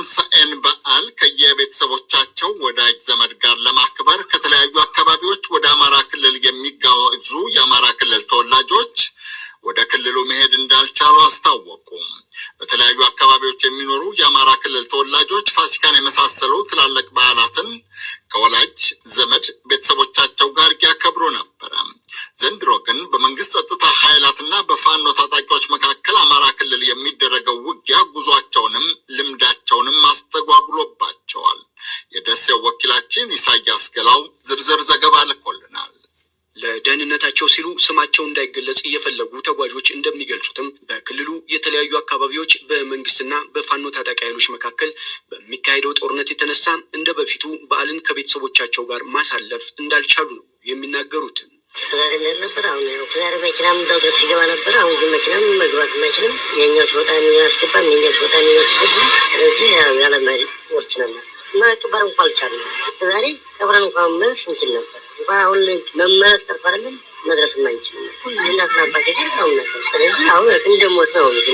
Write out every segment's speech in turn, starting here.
የትንሣኤን በዓል ከየቤተሰቦቻቸው ወዳጅ ዘመድ ባልደረባችን ኢሳያስ ገላው ዝርዝር ዘገባ ልኮልናል። ለደህንነታቸው ሲሉ ስማቸው እንዳይገለጽ እየፈለጉ ተጓዦች እንደሚገልጹትም በክልሉ የተለያዩ አካባቢዎች በመንግስትና በፋኖ ታጣቂ ኃይሎች መካከል በሚካሄደው ጦርነት የተነሳ እንደ በፊቱ በዓልን ከቤተሰቦቻቸው ጋር ማሳለፍ እንዳልቻሉ ነው የሚናገሩት። ስላደንገር ነበር። አሁን ያው መኪናም ሲገባ ነበር። አሁን ግን መኪናም መግባት አይችልም። የእኛ ሲወጣ ያስገባል፣ የእኛ ሲወጣ ያስገባል። ስለዚህ ያለመሪ ወስድ ነበር ማቱ በረንኳ አልቻለም። እስከዛሬ ከብረንኳ መልስ እንችል ነበር። በአሁን መማር መድረስ እናትና አባቴ ግን ሰው ነ ስለዚህ አሁን የሚታወቁ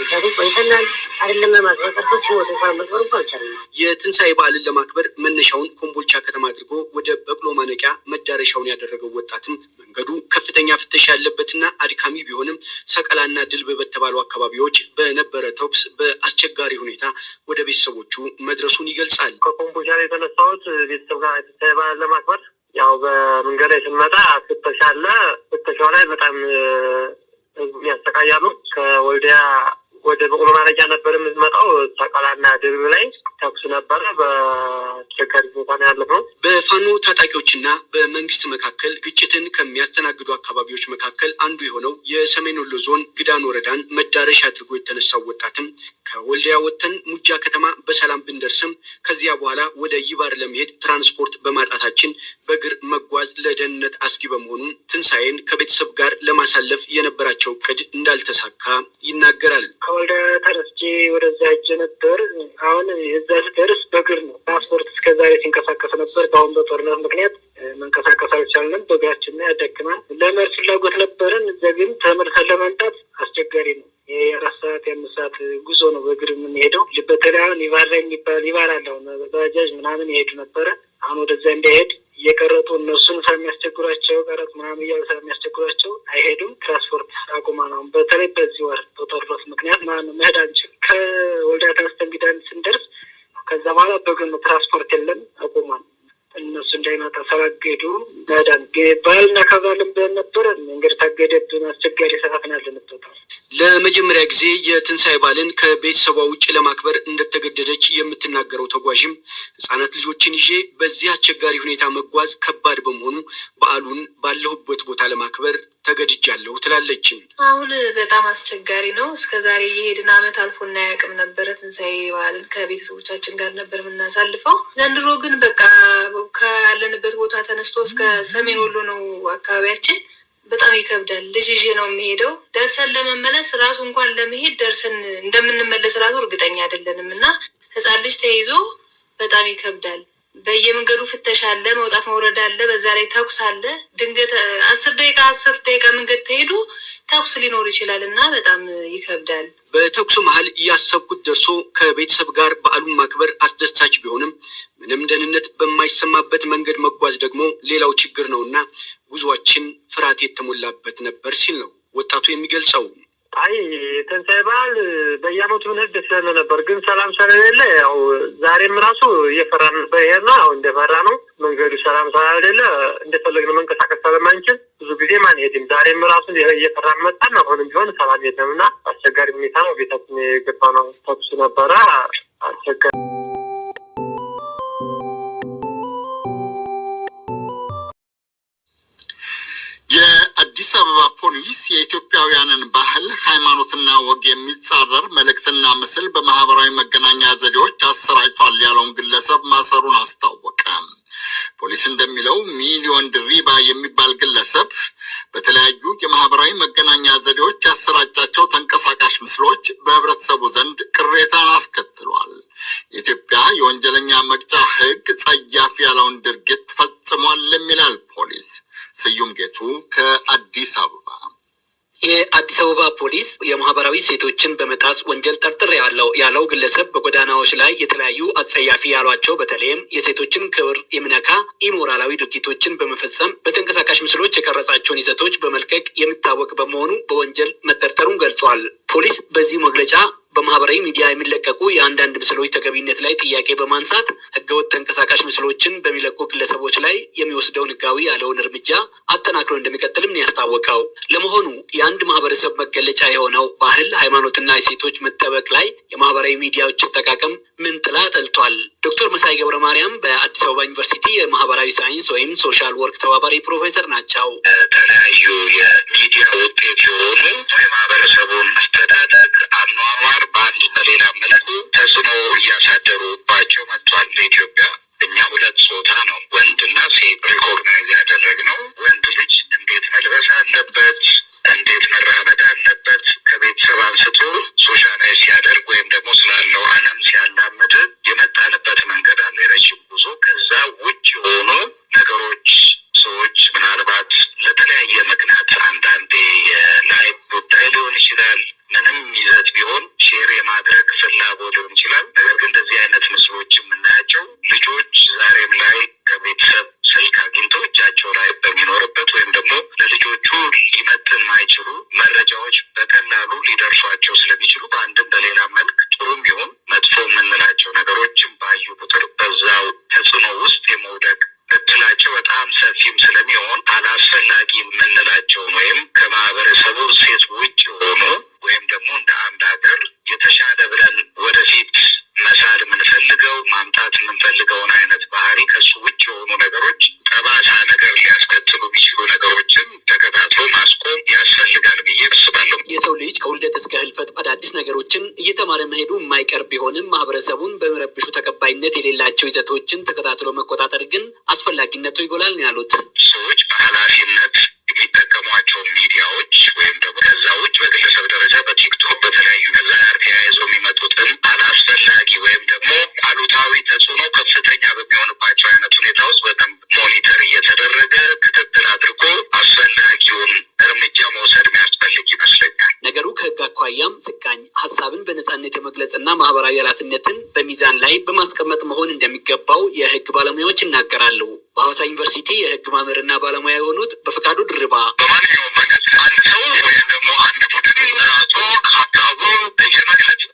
ምክንያቱም ቆይተናል ለማክበር የትንሣኤ በዓልን ለማክበር መነሻውን ኮምቦልቻ ከተማ አድርጎ ወደ በቅሎ ማነቂያ መዳረሻውን ያደረገው ወጣትም መንገዱ ከፍተኛ ፍተሻ ያለበትና አድካሚ ቢሆንም ሰቀላና ድልብ በተባሉ አካባቢዎች በነበረ ተኩስ በአስቸጋሪ ሁኔታ ወደ ቤተሰቦቹ መድረሱን ይገልጻል። ከኮምቦልቻ የተነሳሁት ቤተሰብ ጋር ትንሣኤ በዓልን ለማክበር ያው በመንገድ ላይ ስንመጣ ፍተሻ አለ። ፍተሻው ላይ በጣም ያሰቃያሉ። ከወልዲያ ወደ በቆሎ ማረጃ ነበር የምትመጣው። ሰቀላና ድርብ ላይ ተኩስ ነበረ። በአስቸጋሪ ቦታ ነው ያለፈው። በፋኖ ታጣቂዎችና በመንግስት መካከል ግጭትን ከሚያስተናግዱ አካባቢዎች መካከል አንዱ የሆነው የሰሜን ወሎ ዞን ግዳን ወረዳን መዳረሻ አድርጎ የተነሳው ወጣትም ከወልዲያ ወጥተን ሙጃ ከተማ በሰላም ብንደርስም ከዚያ በኋላ ወደ ይባር ለመሄድ ትራንስፖርት በማጣታችን በእግር መጓዝ ለደህንነት አስጊ በመሆኑ ትንሣኤን ከቤተሰብ ጋር ለማሳለፍ የነበራቸው እቅድ እንዳልተሳካ ይናገራል። ከወልደ ተነስቼ ወደዛ እጀ ነበር። አሁን እዛ ስደርስ በእግር ነው እስከዛ ቤት ሲንቀሳቀስ ነበር። በአሁን በጦርነት ምክንያት መንቀሳቀስ አልቻልንም። በእግራችን ያዳግማል። ለመሄድ ፍላጎት ነበረን። እዛ ግን ተመልሰን ለመምጣት አስቸጋሪ ነው። የአራት ሰዓት የአምስት ሰዓት ጉዞ ነው በእግር የምንሄደው። በተለይ አሁን ይባራ የሚባል ይባላል። አሁን ባጃጅ ምናምን ይሄዱ ነበረ። አሁን ወደዛ እንዳይሄድ እየቀረጡ እነሱን ስለሚያስቸግሯቸው ቀረጥ ምናምን እያሉ ስለሚያስቸግሯቸው አይሄዱም። ትራንስፖርት አቁማ ነው። በተለይ በዚህ ወር በጦርነት ምክንያት ማን መሄድ አንችል። ከወልዳ ተነስተን ጊዳን ስንደርስ ከዛ በኋላ በግን ትራንስፖርት የለም አቁመን እነሱ እንዳይመጣ ሰባገዱ መዳን ባህልና ከባልም ብለን ነበረ። መንገድ ታገደብን። አስቸጋሪ ሰዓት ነው ያለንበት። ለመጀመሪያ ጊዜ የትንሣኤ በዓልን ከቤተሰቧ ውጭ ለማክበር እንደተገደደች የምትናገረው ተጓዥም ሕጻናት ልጆችን ይዤ በዚህ አስቸጋሪ ሁኔታ መጓዝ ከባድ በመሆኑ በዓሉን ባለሁበት ቦታ ለማክበር ተገድጃለሁ ትላለች። አሁን በጣም አስቸጋሪ ነው። እስከ ዛሬ የሄድን ዓመት አልፎና ያቅም ነበረ። ትንሣኤ በዓልን ከቤተሰቦቻችን ጋር ነበር የምናሳልፈው። ዘንድሮ ግን በቃ ከያለንበት ቦታ ተነስቶ እስከ ሰሜን ወሎ ነው አካባቢያችን በጣም ይከብዳል። ልጅ ይዤ ነው የሚሄደው ደርሰን ለመመለስ ራሱ እንኳን ለመሄድ ደርሰን እንደምንመለስ ራሱ እርግጠኛ አይደለንም እና ህፃን ልጅ ተይዞ በጣም ይከብዳል። በየመንገዱ ፍተሻ አለ፣ መውጣት መውረድ አለ፣ በዛ ላይ ተኩስ አለ። ድንገት አስር ደቂቃ አስር ደቂቃ መንገድ ተሄዱ ተኩስ ሊኖር ይችላል እና በጣም ይከብዳል። በተኩሱ መሀል እያሰብኩት ደርሶ ከቤተሰብ ጋር በዓሉን ማክበር አስደሳች ቢሆንም ምንም ደህንነት በማይሰማበት መንገድ መጓዝ ደግሞ ሌላው ችግር ነው እና ጉዟችን ፍርሃት የተሞላበት ነበር ሲል ነው ወጣቱ የሚገልጸው። አይ የትንሣኤ በዓል በየዓመቱ ምን ደስ ይለን ነበር፣ ግን ሰላም ስለሌለ ያው ዛሬም ራሱ እየፈራን ነበር። ይሄ ነው ያው እንደፈራ ነው። መንገዱ ሰላም ስለሌለ እንደፈለግን መንቀሳቀስ ስለማንችል ብዙ ጊዜ ማንሄድም። ዛሬም ራሱ እየፈራን መጣን። አሁንም ቢሆን ሰላም የለም እና አስቸጋሪ ሁኔታ ነው። ቤታችን የገባ ነው ተኩስ ነበረ፣ አስቸጋሪ የአዲስ አበባ ፖሊስ የኢትዮ ምስሎች በህብረተሰቡ ዘንድ ቅሬታን አስ ፖሊስ የማህበራዊ ሴቶችን በመጣስ ወንጀል ጠርጥር ያለው ያለው ግለሰብ በጎዳናዎች ላይ የተለያዩ አጸያፊ ያሏቸው በተለይም የሴቶችን ክብር የሚነካ ኢሞራላዊ ድርጊቶችን በመፈጸም በተንቀሳቃሽ ምስሎች የቀረጻቸውን ይዘቶች በመልቀቅ የሚታወቅ በመሆኑ በወንጀል መጠርጠሩን ገልጿል። ፖሊስ በዚህ መግለጫ በማህበራዊ ሚዲያ የሚለቀቁ የአንዳንድ ምስሎች ተገቢነት ላይ ጥያቄ በማንሳት ህገወጥ ተንቀሳቃሽ ምስሎችን በሚለቁ ግለሰቦች ላይ የሚወስደውን ህጋዊ ያለውን እርምጃ አጠናክሮ እንደሚቀጥልም ነው ያስታወቀው። ለመሆኑ የአንድ ማህበረሰብ መገለጫ የሆነው ባህል፣ ሃይማኖትና የሴቶች መጠበቅ ላይ የማህበራዊ ሚዲያዎች አጠቃቀም ምን ጥላ ጠልቷል? ዶክተር መሳይ ገብረ ማርያም በአዲስ አበባ ዩኒቨርሲቲ የማህበራዊ ሳይንስ ወይም ሶሻል ወርክ ተባባሪ ፕሮፌሰር ናቸው። የተለያዩ የሚዲያ ውጤት የሆኑ የማህበረሰቡን አኗኗር በአንድ በሌላ መልኩ ተጽዕኖ እያሳደሩባቸው መጥቷል። በኢትዮጵያ አዳዲስ ነገሮችን እየተማረ መሄዱ የማይቀር ቢሆንም ማህበረሰቡን በመረብሹ ተቀባይነት የሌላቸው ይዘቶችን ተከታትሎ መቆጣጠር ግን አስፈላጊነቱ ይጎላል ነው ያሉት። ሰዎች በኃላፊነት የሚጠቀሟቸው ሚዲያዎች ወይም ደግሞ ከዛ ውጭ በግለሰብ ሀሳብን በነጻነት የመግለጽና ማህበራዊ ኃላፊነትን በሚዛን ላይ በማስቀመጥ መሆን እንደሚገባው የህግ ባለሙያዎች ይናገራሉ። በሐዋሳ ዩኒቨርሲቲ የህግ መምህርና ባለሙያ የሆኑት በፈቃዱ ድርባ በማንኛውም መንገድ አንድ ሰው ወይም ደግሞ አንድ ቡድን ራሱ ሀሳቡን የመግለጽ